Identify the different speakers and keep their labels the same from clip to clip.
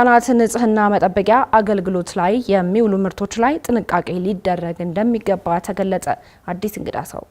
Speaker 1: ህጻናት ንጽህና መጠበቂያ አገልግሎት ላይ የሚውሉ ምርቶች ላይ ጥንቃቄ ሊደረግ እንደሚገባ ተገለጸ። አዲስ እንግዳ ሰው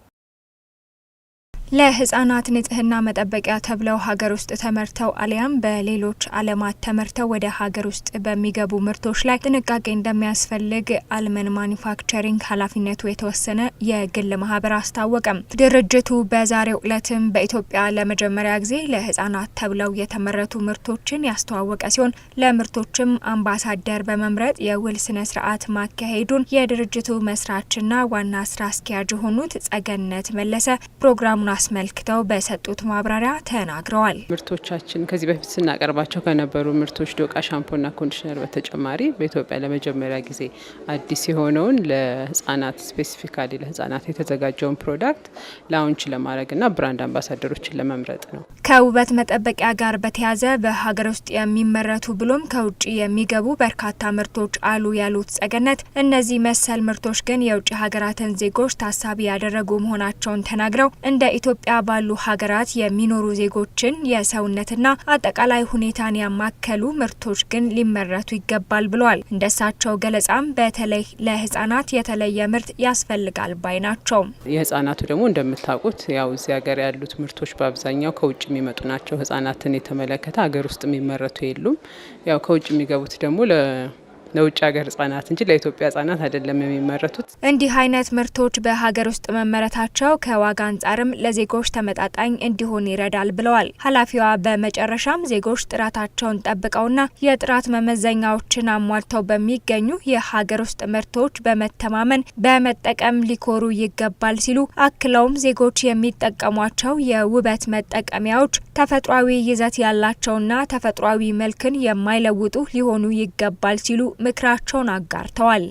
Speaker 1: ለህጻናት ንጽህና መጠበቂያ ተብለው ሀገር ውስጥ ተመርተው አሊያም በሌሎች ዓለማት ተመርተው ወደ ሀገር ውስጥ በሚገቡ ምርቶች ላይ ጥንቃቄ እንደሚያስፈልግ አልመን ማኒፋክቸሪንግ ኃላፊነቱ የተወሰነ የግል ማህበር አስታወቀም። ድርጅቱ በዛሬው ዕለትም በኢትዮጵያ ለመጀመሪያ ጊዜ ለህጻናት ተብለው የተመረቱ ምርቶችን ያስተዋወቀ ሲሆን ለምርቶችም አምባሳደር በመምረጥ የውል ስነ ስርዓት ማካሄዱን የድርጅቱ መስራችና ዋና ስራ አስኪያጅ የሆኑት ጸገነት መለሰ ፕሮግራሙን አስመልክተው በሰጡት ማብራሪያ ተናግረዋል።
Speaker 2: ምርቶቻችን ከዚህ በፊት ስናቀርባቸው ከነበሩ ምርቶች ዶቃ፣ ሻምፖና ኮንዲሽነር በተጨማሪ በኢትዮጵያ ለመጀመሪያ ጊዜ አዲስ የሆነውን ለህጻናት ስፔሲፊካሊ ለህጻናት የተዘጋጀውን ፕሮዳክት ላውንች ለማድረግና ብራንድ አምባሳደሮችን ለመምረጥ ነው።
Speaker 1: ከውበት መጠበቂያ ጋር በተያያዘ በሀገር ውስጥ የሚመረቱ ብሎም ከውጭ የሚገቡ በርካታ ምርቶች አሉ ያሉት ጸገነት፣ እነዚህ መሰል ምርቶች ግን የውጭ ሀገራትን ዜጎች ታሳቢ ያደረጉ መሆናቸውን ተናግረው እንደ ኢትዮ በኢትዮጵያ ባሉ ሀገራት የሚኖሩ ዜጎችን የሰውነትና አጠቃላይ ሁኔታን ያማከሉ ምርቶች ግን ሊመረቱ ይገባል ብለዋል። እንደሳቸው ገለጻም በተለይ ለህጻናት የተለየ ምርት ያስፈልጋል ባይ ናቸው።
Speaker 2: የህጻናቱ ደግሞ እንደምታውቁት ያው እዚህ ሀገር ያሉት ምርቶች በአብዛኛው ከውጭ የሚመጡ ናቸው። ህጻናትን የተመለከተ ሀገር ውስጥ የሚመረቱ የሉም። ያው ከውጭ የሚገቡት ደግሞ ለውጭ ሀገር ህጻናት እንጂ ለኢትዮጵያ ህጻናት አይደለም የሚመረቱት።
Speaker 1: እንዲህ አይነት ምርቶች በሀገር ውስጥ መመረታቸው ከዋጋ አንጻርም ለዜጎች ተመጣጣኝ እንዲሆን ይረዳል ብለዋል ኃላፊዋ። በመጨረሻም ዜጎች ጥራታቸውን ጠብቀውና የጥራት መመዘኛዎችን አሟልተው በሚገኙ የሀገር ውስጥ ምርቶች በመተማመን በመጠቀም ሊኮሩ ይገባል ሲሉ አክለውም ዜጎች የሚጠቀሟቸው የውበት መጠቀሚያዎች ተፈጥሯዊ ይዘት ያላቸውና ተፈጥሯዊ መልክን የማይለውጡ ሊሆኑ ይገባል ሲሉ ምክራቸውን አጋርተዋል።